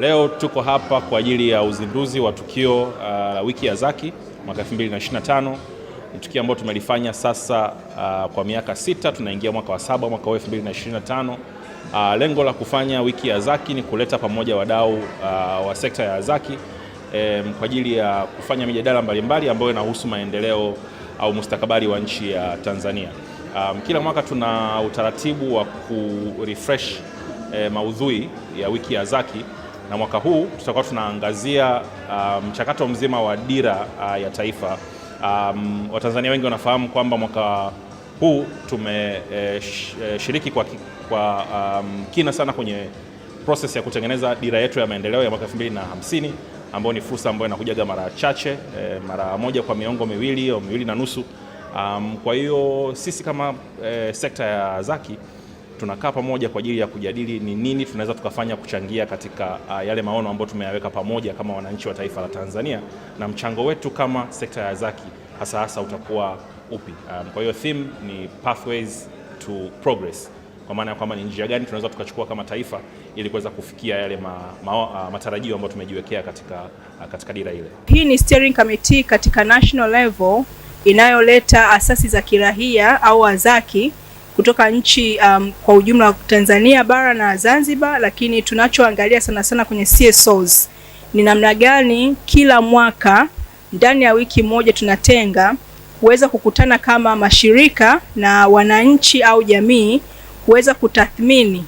Leo tuko hapa kwa ajili ya uzinduzi wa tukio uh, la uh, wiki ya Zaki mwaka 2025. Ni tukio ambalo tumelifanya sasa uh, kwa miaka sita, tunaingia mwaka wa saba mwaka wa 2025. Uh, lengo la kufanya wiki ya Zaki ni kuleta pamoja wadau uh, wa sekta ya Zaki um, kwa ajili ya kufanya mijadala mbalimbali ambayo inahusu maendeleo au mustakabali wa nchi ya Tanzania. Um, kila mwaka tuna utaratibu wa kurefresh eh, maudhui ya wiki ya Zaki na mwaka huu tutakuwa tunaangazia uh, mchakato um, mzima wa dira uh, ya taifa. Um, Watanzania wengi wanafahamu kwamba mwaka huu tumeshiriki eh, eh kwa, kwa um, kina sana kwenye process ya kutengeneza dira yetu ya maendeleo ya mwaka 2050 ambayo ni fursa ambayo inakujaga mara chache eh, mara moja kwa miongo miwili au miwili na nusu. Um, kwa hiyo sisi kama eh, sekta ya zaki tunakaa pamoja kwa ajili ya kujadili ni nini tunaweza tukafanya kuchangia katika uh, yale maono ambayo tumeyaweka pamoja kama wananchi wa taifa la Tanzania na mchango wetu kama sekta ya zaki hasa hasa utakuwa upi. Um, kwa hiyo theme ni pathways to progress kwa maana ya kwamba ni njia gani tunaweza tukachukua kama taifa ili kuweza kufikia yale ma, ma, uh, matarajio ambayo tumejiwekea katika, uh, katika dira ile. Hii ni steering committee katika national level inayoleta asasi za kirahia au wazaki kutoka nchi um, kwa ujumla Tanzania bara na Zanzibar, lakini tunachoangalia sana sana kwenye CSOs ni namna gani kila mwaka ndani ya wiki moja tunatenga kuweza kukutana kama mashirika na wananchi au jamii kuweza kutathmini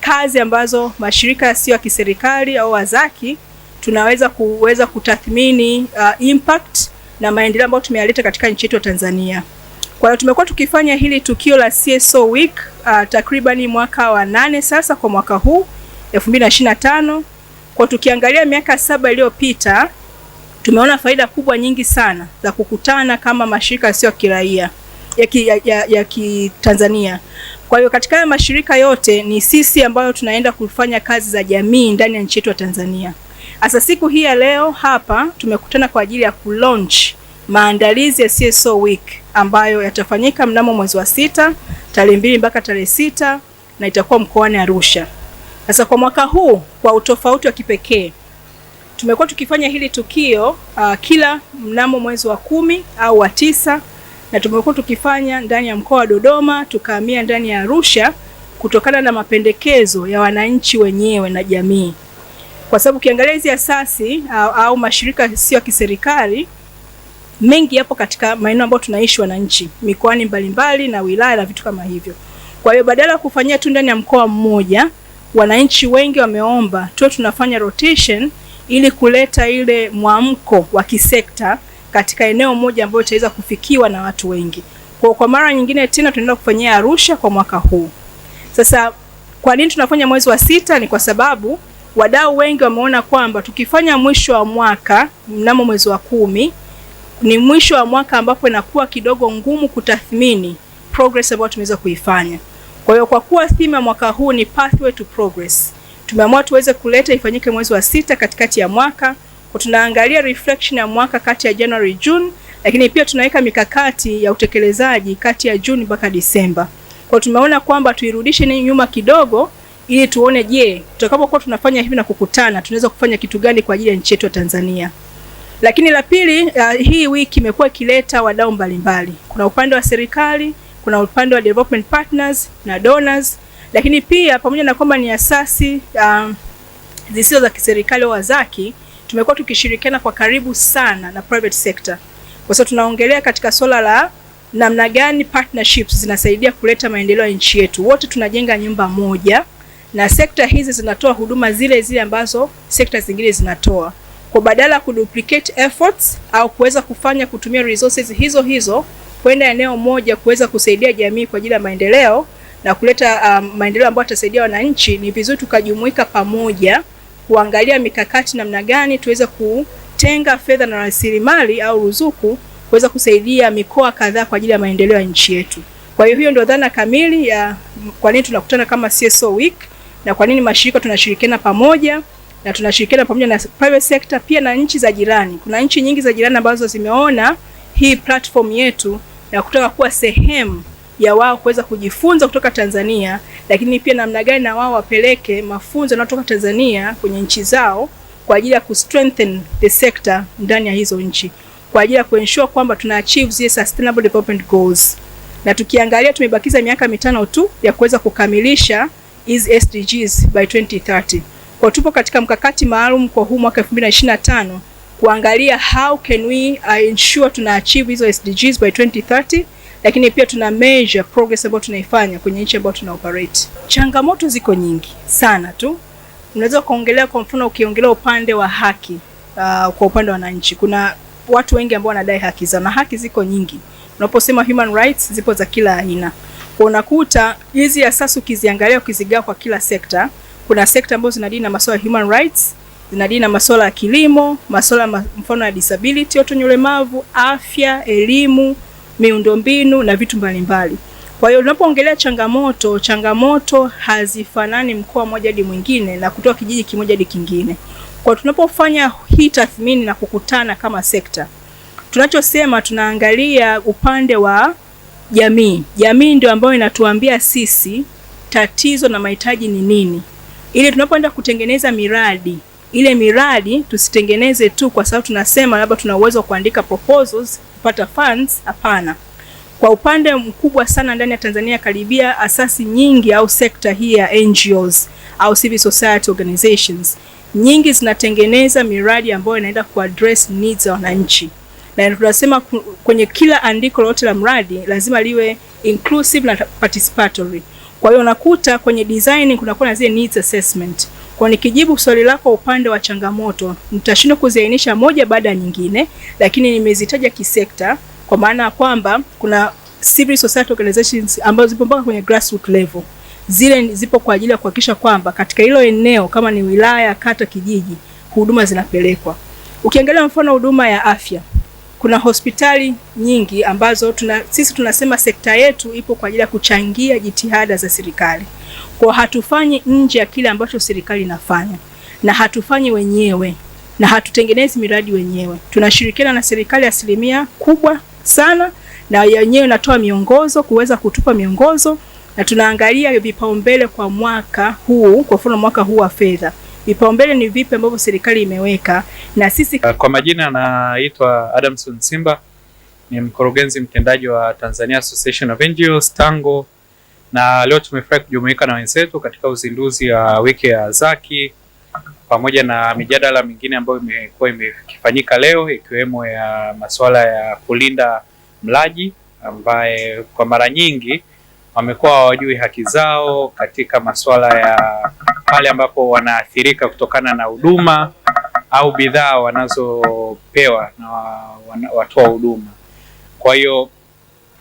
kazi ambazo mashirika yasiyo ya kiserikali au wazaki tunaweza kuweza kutathmini uh, impact na maendeleo ambayo tumeyaleta katika nchi yetu ya Tanzania. Kwa hiyo tumekuwa tukifanya hili tukio la CSO Week uh, takribani mwaka wa nane sasa kwa mwaka huu 2025. Kwa tukiangalia miaka saba iliyopita tumeona faida kubwa nyingi sana za kukutana kama mashirika yasiyo ya kiraia ya Kitanzania. Kwa hiyo katika haya mashirika yote ni sisi ambayo tunaenda kufanya kazi za jamii ndani ya nchi yetu ya Tanzania. Sasa siku hii ya leo hapa tumekutana kwa ajili ya kulaunch maandalizi ya CSO Week ambayo yatafanyika mnamo mwezi wa sita tarehe mbili mpaka tarehe sita na itakuwa mkoani Arusha. Sasa kwa mwaka huu kwa utofauti wa kipekee tumekuwa tukifanya hili tukio uh, kila mnamo mwezi wa kumi au wa tisa na tumekuwa tukifanya ndani ya mkoa wa Dodoma tukahamia ndani ya Arusha kutokana na mapendekezo ya wananchi wenyewe na jamii, kwa sababu ukiangalia hizi asasi au, uh, au mashirika sio ya kiserikali mengi yapo katika maeneo ambayo tunaishi wananchi mikoani mbalimbali na wilaya na vitu kama hivyo. Kwa hiyo badala ya kufanyia tu ndani ya mkoa mmoja, wananchi wengi wameomba tuwe tunafanya rotation ili kuleta ile mwamko wa kisekta katika eneo moja ambayo itaweza kufikiwa na watu wengi. Kwa kwa mara nyingine tena tunaenda kufanyia Arusha kwa mwaka huu. Sasa kwa nini tunafanya mwezi wa sita? Ni kwa sababu wadau wengi wameona kwamba tukifanya mwisho wa mwaka mnamo mwezi wa kumi ni mwisho wa mwaka ambapo inakuwa kidogo ngumu kutathmini progress ambayo tumeweza kuifanya. Kwa hiyo kwa kuwa theme mwaka huu ni pathway to progress, tumeamua tuweze kuleta ifanyike mwezi wa sita katikati ya mwaka, kwa tunaangalia reflection ya mwaka kati ya January June, lakini pia tunaweka mikakati ya utekelezaji kati ya Juni mpaka Disemba. Kwa tumeona kwamba tuirudishe ni nyuma kidogo ili tuone, je, tutakapokuwa tunafanya hivi na kukutana tunaweza kufanya kitu gani kwa ajili ya nchi yetu ya Tanzania. Lakini la pili, uh, hii wiki imekuwa ikileta wadau mbalimbali. Kuna upande wa serikali, kuna upande wa development partners na donors, lakini pia pamoja na kwamba ni asasi um, zisizo za kiserikali au wazaki, tumekuwa tukishirikiana kwa karibu sana na private sector, kwa sababu tunaongelea katika swala la namna gani partnerships zinasaidia kuleta maendeleo ya nchi yetu. Wote tunajenga nyumba moja, na sekta hizi zinatoa huduma zile zile ambazo sekta zingine zinatoa kwa badala ya kuduplicate efforts au kuweza kufanya kutumia resources hizo hizo kwenda eneo moja kuweza kusaidia jamii kwa ajili ya maendeleo na kuleta um, maendeleo ambayo atasaidia wananchi, ni vizuri tukajumuika pamoja kuangalia mikakati namna gani tuweze kutenga fedha na rasilimali au ruzuku kuweza kusaidia mikoa kadhaa kwa ajili ya maendeleo ya nchi yetu. Kwa hiyo hiyo ndio dhana kamili ya kwa nini tunakutana kama CSO Week na kwa nini mashirika tunashirikiana pamoja na tunashirikiana pamoja na private sector pia na nchi za jirani. Kuna nchi nyingi za jirani ambazo zimeona hii platform yetu na kutaka kuwa sehemu ya wao kuweza kujifunza kutoka Tanzania, lakini pia namna gani na wao wapeleke mafunzo yanayotoka Tanzania kwenye nchi zao kwa ajili ya ku strengthen the sector ndani ya hizo nchi kwa ajili ya kuensure kwamba tuna achieve zile sustainable development goals. Na tukiangalia tumebakiza miaka mitano tu ya kuweza kukamilisha hizi SDGs by 2030. Kwa tupo katika mkakati maalum kwa huu mwaka 2025 kuangalia how can we uh, ensure tuna achieve hizo SDGs by 2030 lakini pia tuna measure progress ambayo tunaifanya kwenye nchi ambayo tuna operate. Changamoto ziko nyingi sana tu, unaweza kuongelea kwa mfano, ukiongelea upande wa haki uh, kwa upande wa wananchi, kuna watu wengi ambao wanadai haki zao, na haki ziko nyingi. Unaposema human rights, zipo za kila aina, kwa unakuta hizi asasi ukiziangalia, ukizigawa kwa kila sekta kuna sekta ambazo zinadili na masuala ya human rights, zinadili na masuala ya kilimo, masuala mfano ya disability, watu wenye ulemavu, afya, elimu, miundombinu na vitu mbalimbali. Kwa hiyo tunapoongelea changamoto, changamoto hazifanani mkoa mmoja hadi mwingine na kutoka kijiji kimoja hadi kingine. Kwa tunapofanya hii tathmini na kukutana kama sekta, tunachosema tunaangalia upande wa jamii. Jamii ndio ambayo inatuambia sisi tatizo na mahitaji ni nini ili tunapoenda kutengeneza miradi ile miradi tusitengeneze tu kwa sababu tunasema labda tuna uwezo wa kuandika proposals kupata funds. Hapana, kwa upande mkubwa sana ndani ya Tanzania karibia asasi nyingi au sekta hii ya NGOs au civil society organizations nyingi zinatengeneza miradi ambayo inaenda address needs za wananchi, na tunasema kwenye kila andiko lolote la mradi lazima liwe inclusive na participatory. Kwa hiyo unakuta kwenye design kunakuwa na zile needs assessment. Kwa nikijibu swali lako upande wa changamoto, nitashindwa kuziainisha moja baada ya nyingine, lakini nimezitaja kisekta, kwa maana ya kwamba kuna civil society organizations ambazo zipo mpaka kwenye grassroots level. Zile zipo kwa ajili ya kuhakikisha kwamba katika hilo eneo kama ni wilaya, kata, kijiji, huduma zinapelekwa. Ukiangalia mfano huduma ya afya kuna hospitali nyingi ambazo tuna, sisi tunasema sekta yetu ipo kwa ajili ya kuchangia jitihada za serikali. Kwa hatufanyi nje ya kile ambacho serikali inafanya na hatufanyi wenyewe na hatutengenezi miradi wenyewe, tunashirikiana na serikali asilimia kubwa sana, na yenyewe inatoa miongozo, kuweza kutupa miongozo, na tunaangalia vipaumbele kwa mwaka huu, kwa mfano mwaka huu wa fedha vipaumbele ni vipi ambavyo serikali imeweka na sisi. Eh, kwa majina anaitwa Adamson Simba, ni mkurugenzi mtendaji wa Tanzania Association of NGOs Tango, na leo tumefurahi kujumuika na wenzetu katika uzinduzi wa wiki ya Zaki pamoja na mijadala mingine ambayo imekuwa imefanyika leo ikiwemo ya masuala ya kulinda mlaji ambaye kwa mara nyingi wamekuwa hawajui haki zao katika masuala ya pale ambapo wanaathirika kutokana na huduma au bidhaa wanazopewa na watoa huduma. Kwa hiyo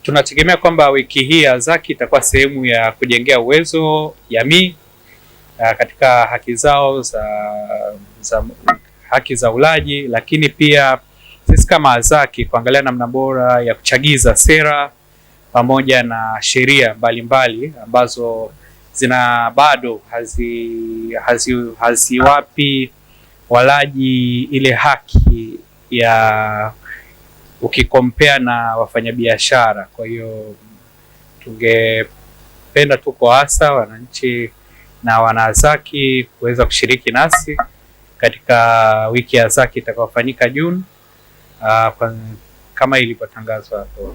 tunategemea kwamba wiki hii AZAKI itakuwa sehemu ya kujengea uwezo jamii uh, katika haki zao za, za haki za ulaji, lakini pia sisi kama AZAKI kuangalia namna bora ya kuchagiza sera pamoja na sheria mbalimbali ambazo zina bado haziwapi hazi, hazi walaji ile haki ya ukikompea na wafanyabiashara. Kwa hiyo tungependa tu kwa hasa wananchi na wanazaki kuweza kushiriki nasi katika wiki ya zaki itakayofanyika Juni kama ilivyotangazwa hapo.